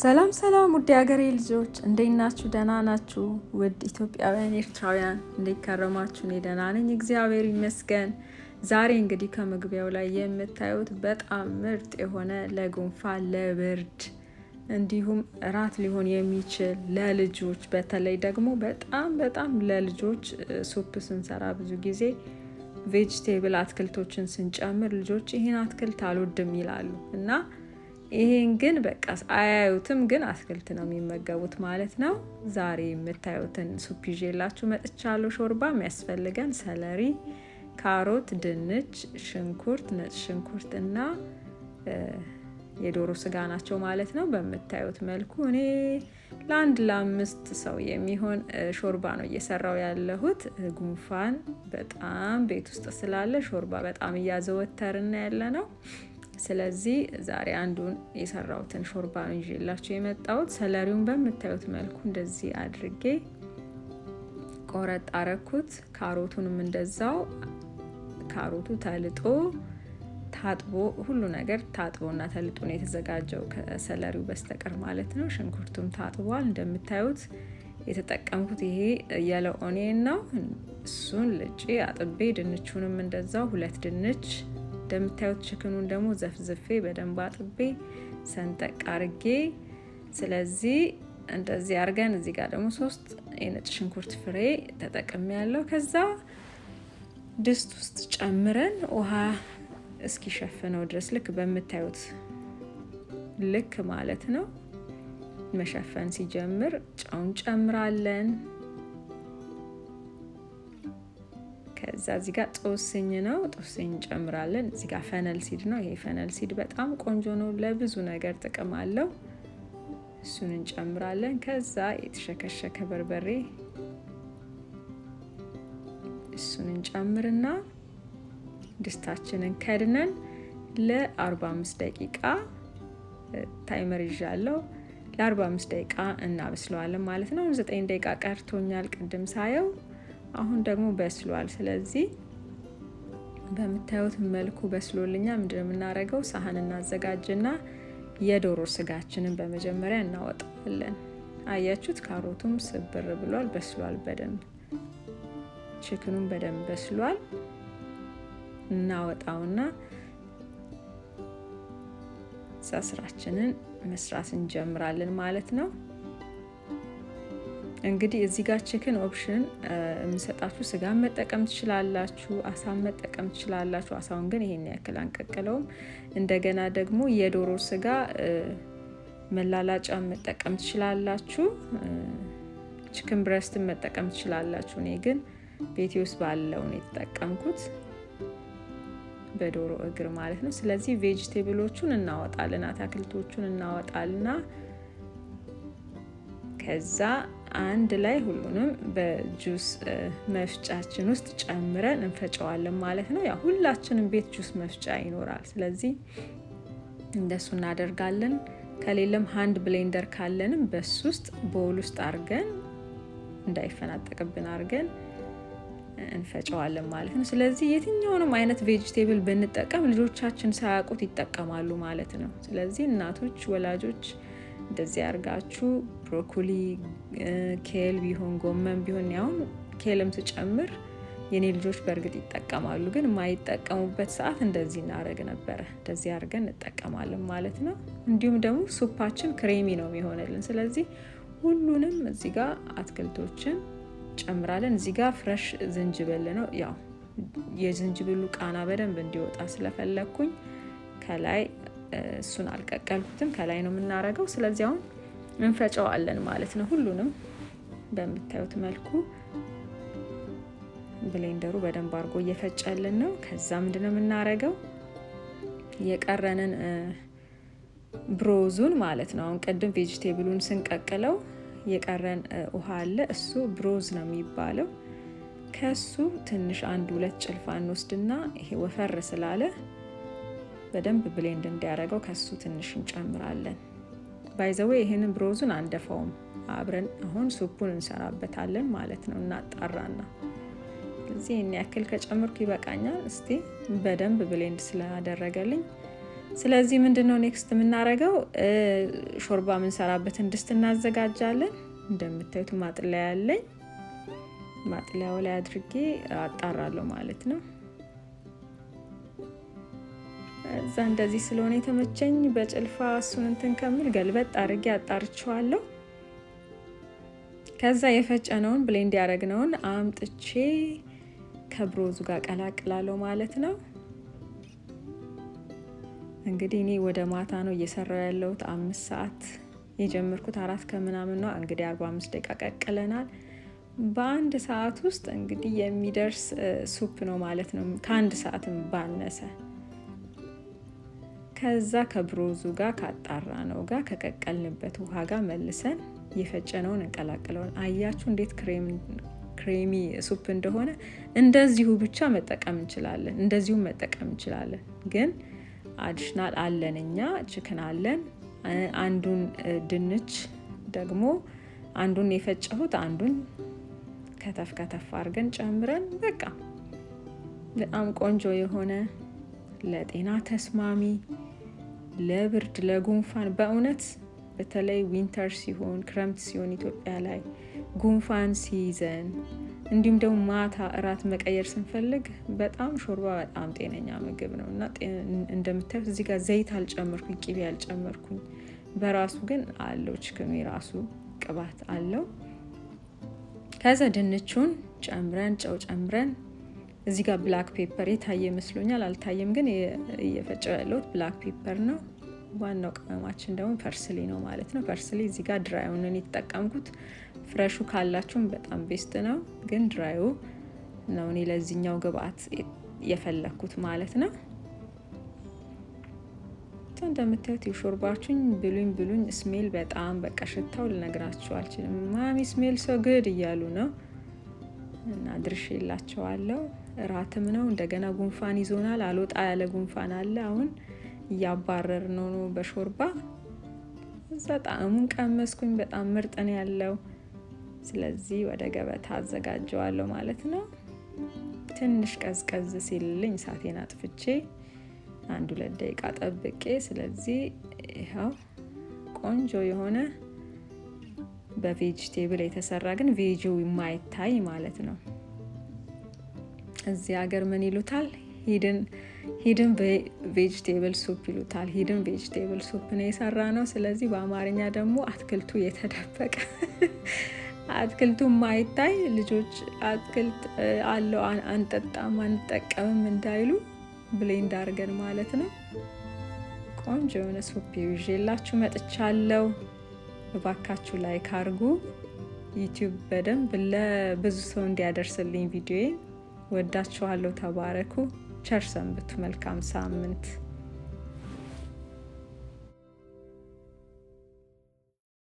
ሰላም ሰላም፣ ውድ የሀገሬ ልጆች እንዴት ናችሁ? ደህና ናችሁ? ውድ ኢትዮጵያውያን ኤርትራውያን እንዴት ከረማችሁ? እኔ ደህና ነኝ፣ እግዚአብሔር ይመስገን። ዛሬ እንግዲህ ከምግቢያው ላይ የምታዩት በጣም ምርጥ የሆነ ለጉንፋን ለብርድ እንዲሁም እራት ሊሆን የሚችል ለልጆች በተለይ ደግሞ በጣም በጣም ለልጆች ሱፕ ስንሰራ ብዙ ጊዜ ቬጅቴብል አትክልቶችን ስንጨምር ልጆች ይህን አትክልት አልወድም ይላሉ እና ይሄን ግን በቃ አያዩትም፣ ግን አትክልት ነው የሚመገቡት ማለት ነው። ዛሬ የምታዩትን ሱፕ ይዤላችሁ መጥቻለሁ። ሾርባ የሚያስፈልገን ሰለሪ፣ ካሮት፣ ድንች፣ ሽንኩርት፣ ነጭ ሽንኩርት እና የዶሮ ስጋ ናቸው ማለት ነው። በምታዩት መልኩ እኔ ለአንድ ለአምስት ሰው የሚሆን ሾርባ ነው እየሰራው ያለሁት። ጉንፋን በጣም ቤት ውስጥ ስላለ ሾርባ በጣም እያዘወተርን ያለ ነው። ስለዚህ ዛሬ አንዱን የሰራሁትን ሾርባ ነው ይዤላችሁ የመጣሁት። ሰለሪውን በምታዩት መልኩ እንደዚህ አድርጌ ቆረጥ አረኩት። ካሮቱንም እንደዛው ካሮቱ ተልጦ ታጥቦ ሁሉ ነገር ታጥቦና ተልጦ ነው የተዘጋጀው ከሰለሪው በስተቀር ማለት ነው። ሽንኩርቱም ታጥቧል እንደምታዩት። የተጠቀምኩት ይሄ የለኦኔን ነው። እሱን ልጬ አጥቤ ድንቹንም እንደዛው ሁለት ድንች እንደምታዩት ችክኑን ደግሞ ዘፍዝፌ በደንብ አጥቤ ሰንጠቅ አርጌ ስለዚህ እንደዚህ አርገን እዚህ ጋር ደግሞ ሶስት የነጭ ሽንኩርት ፍሬ ተጠቅሜ ያለው ከዛ ድስት ውስጥ ጨምረን ውሃ እስኪሸፍነው ድረስ ልክ በምታዩት ልክ ማለት ነው መሸፈን ሲጀምር ጨውን ጨምራለን። ከዛ እዚህ ጋር ጦስኝ ነው፣ ጦስኝ እንጨምራለን። እዚህ ጋር ፈነል ሲድ ነው። ይሄ ፈነል ሲድ በጣም ቆንጆ ነው፣ ለብዙ ነገር ጥቅም አለው። እሱን እንጨምራለን። ከዛ የተሸከሸከ በርበሬ እሱን እንጨምርና ድስታችንን ከድነን ለ45 ደቂቃ ታይመር ይዣለው ለ45 ደቂቃ እናበስለዋለን ማለት ነው። 9 ደቂቃ ቀርቶኛል ቅድም ሳየው አሁን ደግሞ በስሏል። ስለዚህ በምታዩት መልኩ በስሎልኛ ምንድን የምናደርገው ሳህን እናዘጋጅና የዶሮ ስጋችንን በመጀመሪያ እናወጣለን። አያችሁት? ካሮቱም ስብር ብሏል፣ በስሏል። በደንብ ችክኑም በደንብ በስሏል። እናወጣውና ስራችንን መስራት እንጀምራለን ማለት ነው። እንግዲህ እዚህ ጋር ችክን ኦፕሽን የሚሰጣችሁ ስጋን መጠቀም ትችላላችሁ፣ አሳን መጠቀም ትችላላችሁ። አሳውን ግን ይሄን ያክል አንቀቅለውም። እንደገና ደግሞ የዶሮ ስጋ መላላጫ መጠቀም ትችላላችሁ፣ ችክን ብረስትን መጠቀም ትችላላችሁ። እኔ ግን ቤቴ ውስጥ ባለው ነው የተጠቀምኩት፣ በዶሮ እግር ማለት ነው። ስለዚህ ቬጅቴብሎቹን እናወጣልን፣ አታክልቶቹን እናወጣልና ከዛ አንድ ላይ ሁሉንም በጁስ መፍጫችን ውስጥ ጨምረን እንፈጨዋለን ማለት ነው። ያ ሁላችንም ቤት ጁስ መፍጫ ይኖራል። ስለዚህ እንደሱ እናደርጋለን። ከሌለም ሀንድ ብሌንደር ካለንም በሱ ውስጥ ቦል ውስጥ አድርገን እንዳይፈናጠቅብን አድርገን እንፈጨዋለን ማለት ነው። ስለዚህ የትኛውንም አይነት ቬጅቴብል ብንጠቀም ልጆቻችን ሳያውቁት ይጠቀማሉ ማለት ነው። ስለዚህ እናቶች፣ ወላጆች እንደዚህ ያርጋችሁ ብሮኮሊ፣ ኬል ቢሆን ጎመን ቢሆን ያሁን ኬልም ስጨምር የኔ ልጆች በእርግጥ ይጠቀማሉ፣ ግን የማይጠቀሙበት ሰዓት እንደዚህ እናደረግ ነበረ። እንደዚህ አድርገን እንጠቀማለን ማለት ነው። እንዲሁም ደግሞ ሱፓችን ክሬሚ ነው የሚሆንልን። ስለዚህ ሁሉንም እዚህ ጋር አትክልቶችን ጨምራለን። እዚህ ጋር ፍረሽ ዝንጅብል ነው። ያው የዝንጅብሉ ቃና በደንብ እንዲወጣ ስለፈለግኩኝ ከላይ እሱን አልቀቀልኩትም፣ ከላይ ነው የምናረገው። ስለዚህ አሁን እንፈጨዋለን ማለት ነው። ሁሉንም በምታዩት መልኩ ብሌንደሩ በደንብ አድርጎ እየፈጨልን ነው። ከዛ ምንድነው የምናረገው የቀረንን ብሮዙን ማለት ነው። አሁን ቅድም ቬጅቴብሉን ስንቀቅለው የቀረን ውሃ አለ። እሱ ብሮዝ ነው የሚባለው። ከሱ ትንሽ አንድ ሁለት ጭልፋ እንወስድና ይሄ ወፈር ስላለ በደንብ ብሌንድ እንዲያደርገው ከሱ ትንሽ እንጨምራለን። ባይዘዌ ይህንን ብሮዙን አንደፈውም፣ አብረን አሁን ሱፑን እንሰራበታለን ማለት ነው። እናጣራና እዚህ ይህን ያክል ከጨምርኩ ይበቃኛል። እስቲ በደንብ ብሌንድ ስላደረገልኝ ስለዚህ ምንድነው ኔክስት የምናደርገው? ሾርባ የምንሰራበትን ድስት እናዘጋጃለን። እንደምታዩት ማጥለያ ያለኝ ማጥለያው ላይ አድርጌ አጣራለሁ ማለት ነው። እዛ እንደዚህ ስለሆነ የተመቸኝ በጭልፋ እሱን እንትን ከሚል ገልበጥ አድርጌ አጣርቸዋለሁ። ከዛ የፈጨነውን ብሌንድ ያደረግነውን አምጥቼ ከብሮዙ ጋር ቀላቅላለሁ ማለት ነው። እንግዲህ እኔ ወደ ማታ ነው እየሰራው ያለሁት። አምስት ሰዓት የጀመርኩት አራት ከምናምን ነው። እንግዲህ አርባ አምስት ደቂቃ ቀቅለናል። በአንድ ሰዓት ውስጥ እንግዲህ የሚደርስ ሱፕ ነው ማለት ነው፣ ከአንድ ሰዓትም ባነሰ ከዛ ከብሮዙ ጋር ካጣራ ነው ጋር ከቀቀልንበት ውሃ ጋር መልሰን የፈጨነውን እንቀላቅለውን። አያችሁ እንዴት ክሬሚ ሱፕ እንደሆነ። እንደዚሁ ብቻ መጠቀም እንችላለን፣ እንደዚሁም መጠቀም እንችላለን። ግን አዲሽናል አለን እኛ ችክን አለን። አንዱን ድንች ደግሞ አንዱን የፈጨሁት አንዱን ከተፍ ከተፍ አድርገን ጨምረን በቃ በጣም ቆንጆ የሆነ ለጤና ተስማሚ ለብርድ ለጉንፋን በእውነት በተለይ ዊንተር ሲሆን ክረምት ሲሆን ኢትዮጵያ ላይ ጉንፋን ሲይዘን እንዲሁም ደግሞ ማታ እራት መቀየር ስንፈልግ በጣም ሾርባ በጣም ጤነኛ ምግብ ነው እና እንደምታዩት እዚህ ጋር ዘይት አልጨመርኩኝ፣ ቂቤ አልጨመርኩኝ። በራሱ ግን አለው ችክኑ የራሱ ቅባት አለው። ከዛ ድንቹን ጨምረን ጨው ጨምረን እዚህ ጋር ብላክ ፔፐር የታየ ይመስሎኛል፣ አልታየም። ግን እየፈጨው ያለሁት ብላክ ፔፐር ነው። ዋናው ቅመማችን ደግሞ ፐርስሊ ነው ማለት ነው። ፐርስሊ እዚህ ጋር ድራዩንን የተጠቀምኩት ፍረሹ ካላችሁም በጣም ቤስት ነው፣ ግን ድራዩ ነው እኔ ለዚህኛው ግብአት የፈለግኩት ማለት ነው። እንደምታዩት የሾርባችሁኝ ብሉኝ ብሉኝ ስሜል በጣም በቃ ሽታው ልነግራችሁ አልችልም። ማሚ ስሜል ሰው ግድ እያሉ ነው። እና ድርሽ የላቸዋለሁ። ራትም ነው እንደገና ጉንፋን ይዞናል። አልወጣ ያለ ጉንፋን አለ። አሁን እያባረር ነው ነው በሾርባ እዛ ጣዕሙን ቀመስኩኝ። በጣም ምርጥ ነው ያለው። ስለዚህ ወደ ገበታ አዘጋጀዋለሁ ማለት ነው። ትንሽ ቀዝቀዝ ሲልልኝ እሳቴን አጥፍቼ አንድ ሁለት ደቂቃ ጠብቄ፣ ስለዚህ ይኸው ቆንጆ የሆነ በቬጅቴብል የተሰራ ግን ቬጂ የማይታይ ማለት ነው። እዚህ ሀገር ምን ይሉታል? ሂድን ሂድን ቬጅቴብል ሱፕ ይሉታል። ሂድን ቬጅቴብል ሱፕ ነው የሰራ ነው። ስለዚህ በአማርኛ ደግሞ አትክልቱ የተደበቀ አትክልቱ ማይታይ ልጆች አትክልት አለው አንጠጣም አንጠቀምም እንዳይሉ ብሌንድ አድርገን ማለት ነው። ቆንጆ የሆነ ሱፕ ይዤላችሁ መጥቻለሁ። እባካችሁ ላይክ አድርጉ። ዩቲዩብ በደንብ ለብዙ ሰው እንዲያደርስልኝ ቪዲዮዬ። ወዳችኋለሁ። ተባረኩ። ቸር ሰንብቱ። መልካም ሳምንት